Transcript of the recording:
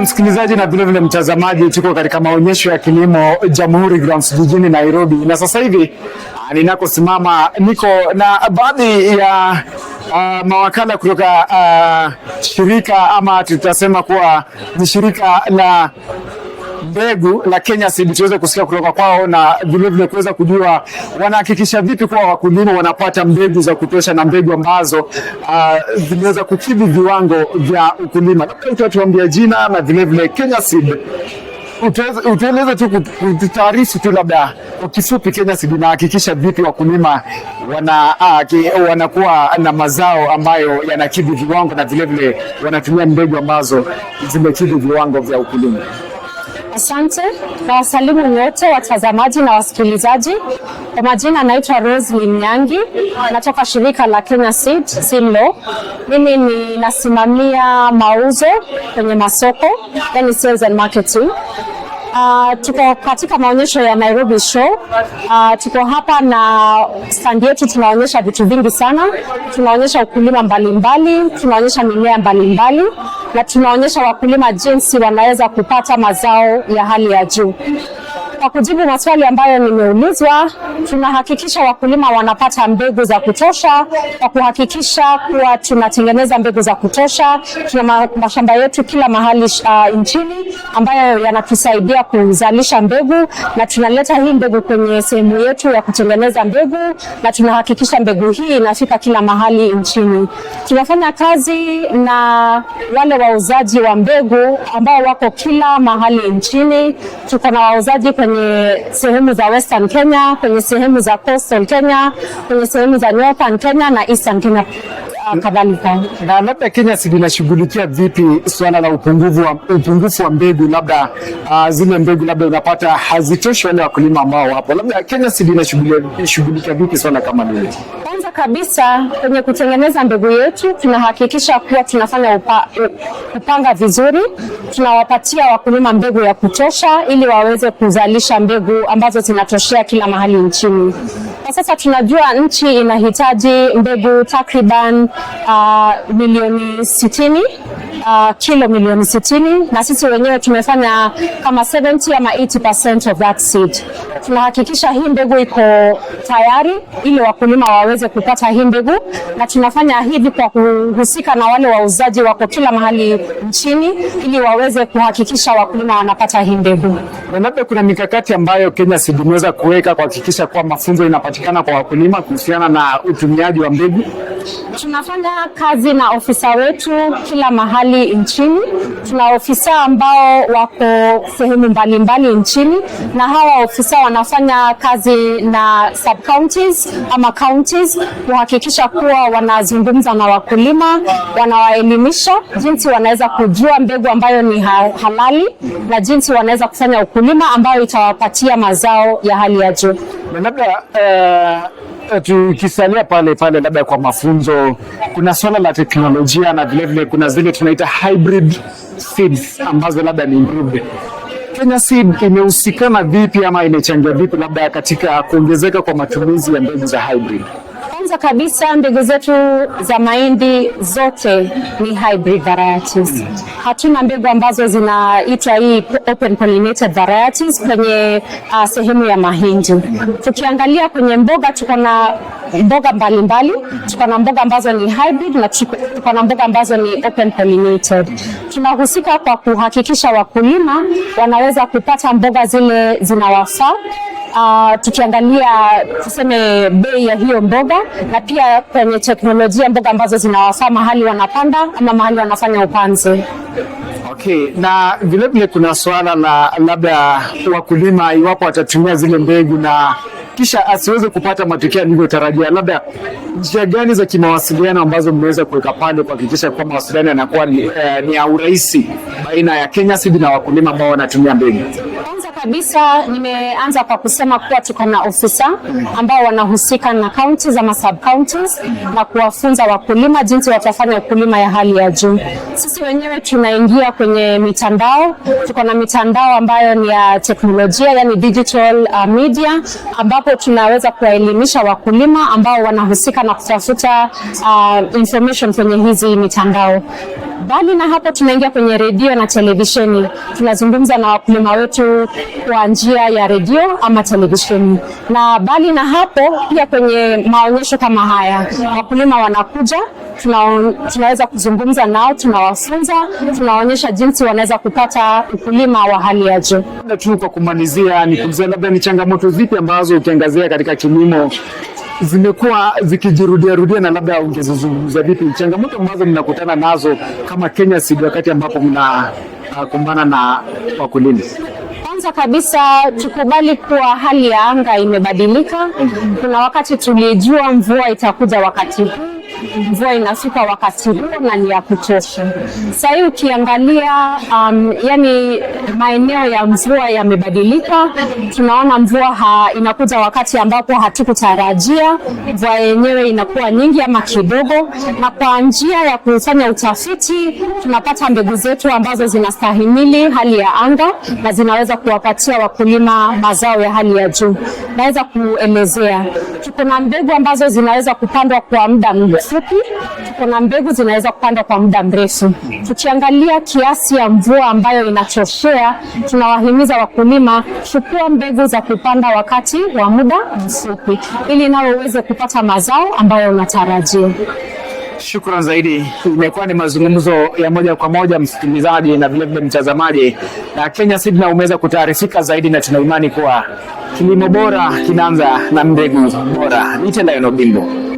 msikilizaji na vilevile mtazamaji, tuko katika maonyesho ya kilimo Jamhuri Grounds jijini Nairobi, na sasa hivi ah, ninakosimama niko na baadhi ya Uh, mawakala kutoka uh, shirika ama tutasema kuwa ni shirika la mbegu la Kenya Seed tuweze kusikia kutoka kwao na vilevile kuweza kujua wanahakikisha vipi kuwa wakulima wanapata mbegu za kutosha na mbegu ambazo uh, ah, zinaweza kukidhi viwango vya ukulima. Labda tuambia jina na vilevile Kenya Seed utueleze tu kututaarifu tu labda kwa kifupi, Kenya Seed inahakikisha vipi wakulima wana uh, wanakuwa na mazao ambayo yanakidhi viwango na vilevile wanatumia mbegu ambazo zimekidhi viwango vya ukulima. Asante na wasalimu wote watazamaji na wasikilizaji. Kwa majina naitwa Rose Minyangi, natoka shirika la Kenya Seed Simlo. Mimi ninasimamia mauzo kwenye masoko, yani sales and marketing. Uh, tuko katika maonyesho ya Nairobi Show. Uh, tuko hapa na stand yetu, tunaonyesha vitu vingi sana. Tunaonyesha ukulima mbalimbali, tunaonyesha mimea mbalimbali na tunaonyesha wakulima jinsi wanaweza kupata mazao ya hali ya juu. Kwa kujibu maswali ambayo nimeulizwa, tunahakikisha wakulima wanapata mbegu za kutosha kwa kuhakikisha kuwa tunatengeneza mbegu za kutosha. Tuna mashamba yetu kila mahali uh, nchini ambayo yanatusaidia kuzalisha mbegu, na tunaleta hii mbegu kwenye sehemu yetu ya kutengeneza mbegu, na tunahakikisha mbegu hii inafika kila mahali nchini. Tunafanya kazi na wale wauzaji wa mbegu ambao wako kila mahali nchini. Tuko na wauzaji kwenye kwenye sehemu za Western Kenya, kwenye sehemu za Coastal Kenya, kwenye sehemu za Northern Kenya na Eastern Kenya ah, kadhalika. Na labda Kenya si linashughulikia vipi swala la upungufu wa, upungufu wa mbegu labda uh, zile mbegu labda unapata hazitoshi wale wakulima ambao wapo, labda Kenya si linashughulikia vipi swala kama lile? Kwanza kabisa kwenye kutengeneza mbegu yetu tunahakikisha kuwa tunafanya upa, kupanga vizuri. Tunawapatia wakulima mbegu ya kutosha ili waweze kuzalisha mbegu ambazo zinatoshea kila mahali nchini. Kwa sasa tunajua nchi inahitaji mbegu takriban uh, milioni sitini uh, kilo milioni sitini na sisi wenyewe tumefanya kama 70 ama 80% of that seed tunahakikisha hii mbegu iko tayari ili wakulima waweze kupata hii mbegu, na tunafanya hivi kwa kuhusika na wale wauzaji wako kila mahali nchini ili waweze kuhakikisha wakulima wanapata hii mbegu. Na labda kuna mikakati ambayo Kenya Seed imeweza kuweka kuhakikisha kuwa mafunzo inapatikana kwa wakulima kuhusiana na utumiaji wa mbegu. Tunafanya kazi na ofisa wetu kila mahali nchini. Tuna ofisa ambao wako sehemu mbalimbali nchini na hawa ofisa wanafanya kazi na sub counties ama counties kuhakikisha kuwa wanazungumza na wakulima, wanawaelimisha jinsi wanaweza kujua mbegu ambayo ni halali na jinsi wanaweza kufanya ukulima ambayo itawapatia mazao ya hali ya juu. Na labda uh, tukisalia pale pale, labda kwa mafunzo, kuna swala la teknolojia na vilevile kuna zile tunaita hybrid seeds ambazo labda ni improved Kenya Seed imehusikana vipi ama imechangia vipi labda katika kuongezeka kwa matumizi ya mbegu za hybrid? Kwanza kabisa mbegu zetu za mahindi zote ni hybrid varieties. Hmm. Hatuna mbegu ambazo zinaitwa hii open pollinated varieties kwenye uh, sehemu ya mahindi. Hmm. Tukiangalia kwenye mboga tuko na mboga mbalimbali. Tuko na mboga ambazo ni hybrid na tuko na mboga ambazo ni open pollinated. Tunahusika kwa kuhakikisha wakulima wanaweza kupata mboga zile zinawafaa. Uh, tukiangalia tuseme bei ya hiyo mboga na pia kwenye teknolojia mboga ambazo zinawafaa mahali wanapanda ama mahali wanafanya upanzi. Okay, na vilevile kuna suala la labda wakulima iwapo watatumia zile mbegu na kisha asiweze kupata matokeo alivyotarajia. Labda njia gani za kimawasiliano ambazo mmeweza kuweka pale kuhakikisha kwa mawasiliano yanakuwa eh, ni ya urahisi baina ya Kenya Seed na wakulima ambao wanatumia mbegu? kabisa nimeanza kwa kusema kuwa tuko na ofisa ambao wanahusika na kaunti za sub counties na kuwafunza wakulima jinsi watafanya ukulima ya hali ya juu. Sisi wenyewe tunaingia kwenye mitandao, tuko na mitandao ambayo ni ya teknolojia, yani digital uh, media, ambapo tunaweza kuwaelimisha wakulima ambao wanahusika na kutafuta uh, information kwenye hizi mitandao. Mbali na hapo, tunaingia kwenye redio na televisheni, tunazungumza na wakulima wetu kwa njia ya redio ama televisheni. Na mbali na hapo, pia kwenye maonyesho kama haya wakulima wanakuja Tuna, tunaweza kuzungumza nao, tunawafunza, tunaonyesha jinsi wanaweza kupata ukulima wa hali ya juu. Na tu kwa kumalizia, ni labda ni changamoto zipi ambazo ukiangazia katika kilimo zimekuwa zikijirudia rudia, na labda ungezizungumza vipi changamoto ambazo mnakutana nazo kama Kenya Seed wakati ambapo mnakumbana ah, na wakulima? Kwanza kabisa tukubali kuwa hali ya anga imebadilika. Mm-hmm. Kuna wakati tulijua mvua itakuja wakati huu mvua inashuka wakati huo na ni ya kutosha. Sasa hii ukiangalia, um, yani maeneo ya mvua yamebadilika. Tunaona mvua ha, inakuja wakati ambapo hatukutarajia. Mvua yenyewe inakuwa nyingi ama kidogo, na kwa njia ya kufanya utafiti tunapata mbegu zetu ambazo zinastahimili hali ya anga na zinaweza kuwapatia wakulima mazao ya hali ya juu. Naweza kuelezea, tuko na mbegu ambazo zinaweza kupandwa kwa muda mrefu fupi, tuko na mbegu zinaweza kupandwa kwa muda mrefu. Tukiangalia kiasi ya mvua ambayo inachoshea tunawahimiza wakulima chukua mbegu za kupanda wakati wa muda mfupi, ili nawe uweze kupata mazao ambayo unatarajia. Shukran zaidi. Imekuwa ni mazungumzo ya moja kwa moja, msikilizaji na vilevile mtazamaji, na Kenya Seed, na umeweza kutaarifika zaidi, na tunaimani kuwa kilimo bora kinaanza na mbegu bora. Nitenda Eno Bimbo.